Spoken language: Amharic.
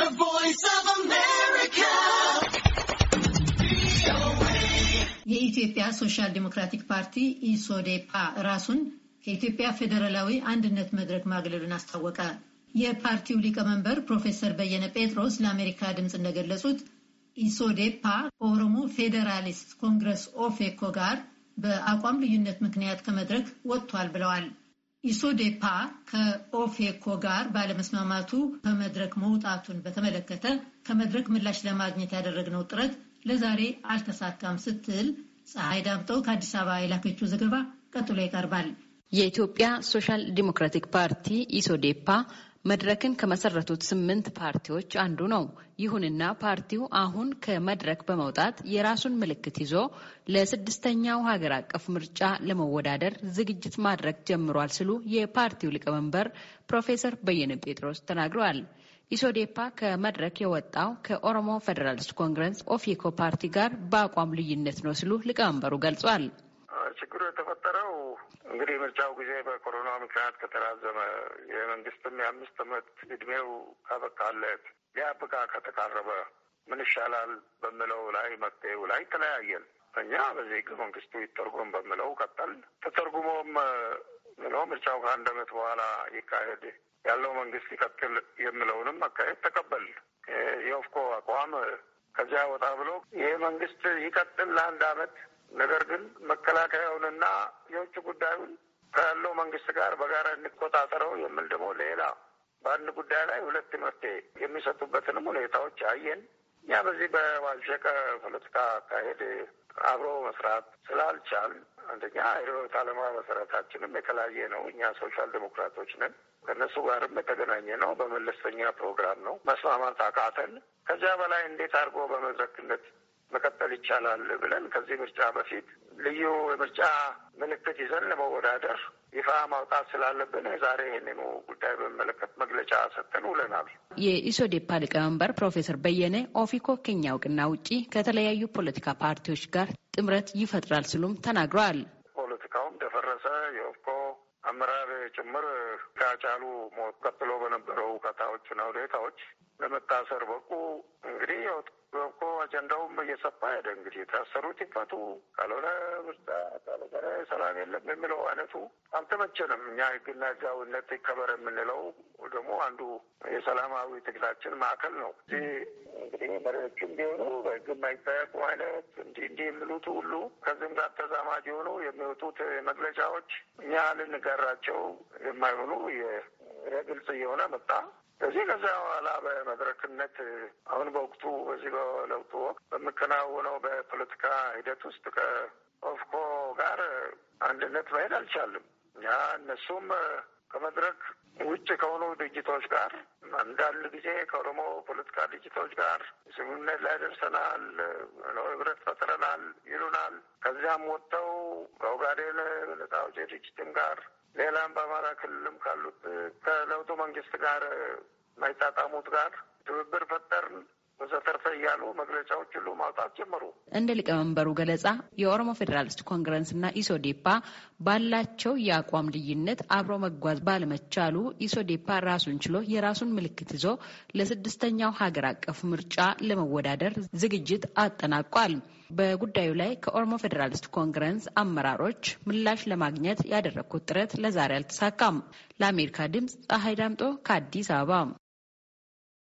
The Voice of America. የኢትዮጵያ ሶሻል ዲሞክራቲክ ፓርቲ ኢሶዴፓ ራሱን ከኢትዮጵያ ፌዴራላዊ አንድነት መድረክ ማግለሉን አስታወቀ። የፓርቲው ሊቀመንበር ፕሮፌሰር በየነ ጴጥሮስ ለአሜሪካ ድምፅ እንደገለጹት ኢሶዴፓ ከኦሮሞ ፌዴራሊስት ኮንግረስ ኦፌኮ ጋር በአቋም ልዩነት ምክንያት ከመድረክ ወጥቷል ብለዋል። ኢሶዴፓ ከኦፌኮ ጋር ባለመስማማቱ ከመድረክ መውጣቱን በተመለከተ ከመድረክ ምላሽ ለማግኘት ያደረግነው ጥረት ለዛሬ አልተሳካም ስትል ፀሐይ ዳምጠው ከአዲስ አበባ የላከችው ዘገባ ቀጥሎ ይቀርባል። የኢትዮጵያ ሶሻል ዲሞክራቲክ ፓርቲ ኢሶዴፓ መድረክን ከመሰረቱት ስምንት ፓርቲዎች አንዱ ነው። ይሁንና ፓርቲው አሁን ከመድረክ በመውጣት የራሱን ምልክት ይዞ ለስድስተኛው ሀገር አቀፍ ምርጫ ለመወዳደር ዝግጅት ማድረግ ጀምሯል ሲሉ የፓርቲው ሊቀመንበር ፕሮፌሰር በየነ ጴጥሮስ ተናግረዋል። ኢሶዴፓ ከመድረክ የወጣው ከኦሮሞ ፌዴራሊስት ኮንግረስ ኦፌኮ ፓርቲ ጋር በአቋም ልዩነት ነው ሲሉ ሊቀመንበሩ ገልጿል። ችግሩ የተፈጠረው እንግዲህ ምርጫው ጊዜ በኮሮና ምክንያት ከተራዘመ የመንግስትም የአምስት ዓመት እድሜው ካበቃለት ሊያብቃ ከተቃረበ ምን ይሻላል በምለው ላይ መፍትሄው ላይ ተለያየን። እኛ በዚህ ህገ መንግስቱ ይተርጉም በምለው ቀጠል ተተርጉሞም ምለው ምርጫው ከአንድ ዓመት በኋላ ይካሄድ ያለው መንግስት ይቀጥል የምለውንም አካሄድ ተቀበል የኦፍኮ አቋም ከዚያ ወጣ ብሎ ይሄ መንግስት ይቀጥል ለአንድ ዓመት ነገር ግን መከላከያውንና የውጭ ጉዳዩን ካለው መንግስት ጋር በጋራ እንቆጣጠረው የሚል ደግሞ ሌላ በአንድ ጉዳይ ላይ ሁለት መፍትሄ የሚሰጡበትንም ሁኔታዎች አየን። እኛ በዚህ በባልሸቀ ፖለቲካ አካሄድ አብሮ መስራት ስላልቻል አንደኛ ርዕዮተ ዓለማ መሰረታችንም የተለያየ ነው። እኛ ሶሻል ዴሞክራቶች ነን። ከእነሱ ጋርም የተገናኘ ነው። በመለስተኛ ፕሮግራም ነው መስማማት አቃተን። ከዚያ በላይ እንዴት አድርጎ በመድረክነት መቀጠል ይቻላል ብለን ከዚህ ምርጫ በፊት ልዩ የምርጫ ምልክት ይዘን ለመወዳደር ይፋ ማውጣት ስላለብን ዛሬ ይህንኑ ጉዳይ በሚመለከት መግለጫ ሰጥተን ውለናል። የኢሶዴፓ ሊቀመንበር ፕሮፌሰር በየነ ኦፊኮ ከኛ እውቅና ውጪ ከተለያዩ ፖለቲካ ፓርቲዎች ጋር ጥምረት ይፈጥራል ሲሉም ተናግረዋል። ፖለቲካውም ደፈረሰ። የኦፍኮ አመራር ጭምር ከአጫሉ ሞት ቀጥሎ በነበረው ውከታዎችና ሁኔታዎች ለመታሰር በቁ እንግዲህ አጀንዳውም እየሰፋ ሄደ። እንግዲህ የታሰሩት ይፈቱ፣ ካልሆነ ምርጫ፣ ካልሆነ ሰላም የለም የሚለው አይነቱ አልተመቸንም። እኛ ህግና ህጋዊነት ይከበር የምንለው ደግሞ አንዱ የሰላማዊ ትግላችን ማዕከል ነው። እዚህ እንግዲህ መሪዎችም ቢሆኑ በህግ የማይጠየቁ አይነት እንዲህ እንዲህ የሚሉት ሁሉ ከዚህም ጋር ተዛማጅ የሆኑ የሚወጡት መግለጫዎች እኛ ልንጋራቸው የማይሆኑ ግልጽ እየሆነ መጣ። ከዚህ ከዛ በኋላ በመድረክነት አሁን በወቅቱ በዚህ በለውጡ ወቅት በምከናወነው በፖለቲካ ሂደት ውስጥ ከኦፍኮ ጋር አንድነት መሄድ አልቻልም። እኛ እነሱም ከመድረክ ውጭ ከሆኑ ድርጅቶች ጋር አንዳንድ ጊዜ ከኦሮሞ ፖለቲካ ድርጅቶች ጋር ስምምነት ላይ ደርሰናል፣ ህብረት ፈጥረናል ይሉናል። ከዚያም ወጥተው ከኦጋዴን ነጻ አውጪ ድርጅትም ጋር ሌላም በአማራ ክልልም ካሉት ከለውጡ መንግስት ጋር ማይጣጣሙት ጋር ትብብር ፈጠርን በዘተርፈ እያሉ መግለጫዎች ሁሉ ማውጣት ጀመሩ። እንደ ሊቀመንበሩ ገለጻ የኦሮሞ ፌዴራሊስት ኮንግረስና ኢሶዴፓ ባላቸው የአቋም ልዩነት አብሮ መጓዝ ባለመቻሉ ኢሶዴፓ ራሱን ችሎ የራሱን ምልክት ይዞ ለስድስተኛው ሀገር አቀፍ ምርጫ ለመወዳደር ዝግጅት አጠናቋል። በጉዳዩ ላይ ከኦሮሞ ፌዴራሊስት ኮንግረስ አመራሮች ምላሽ ለማግኘት ያደረግኩት ጥረት ለዛሬ አልተሳካም። ለአሜሪካ ድምፅ ፀሐይ ዳምጦ ከአዲስ አበባ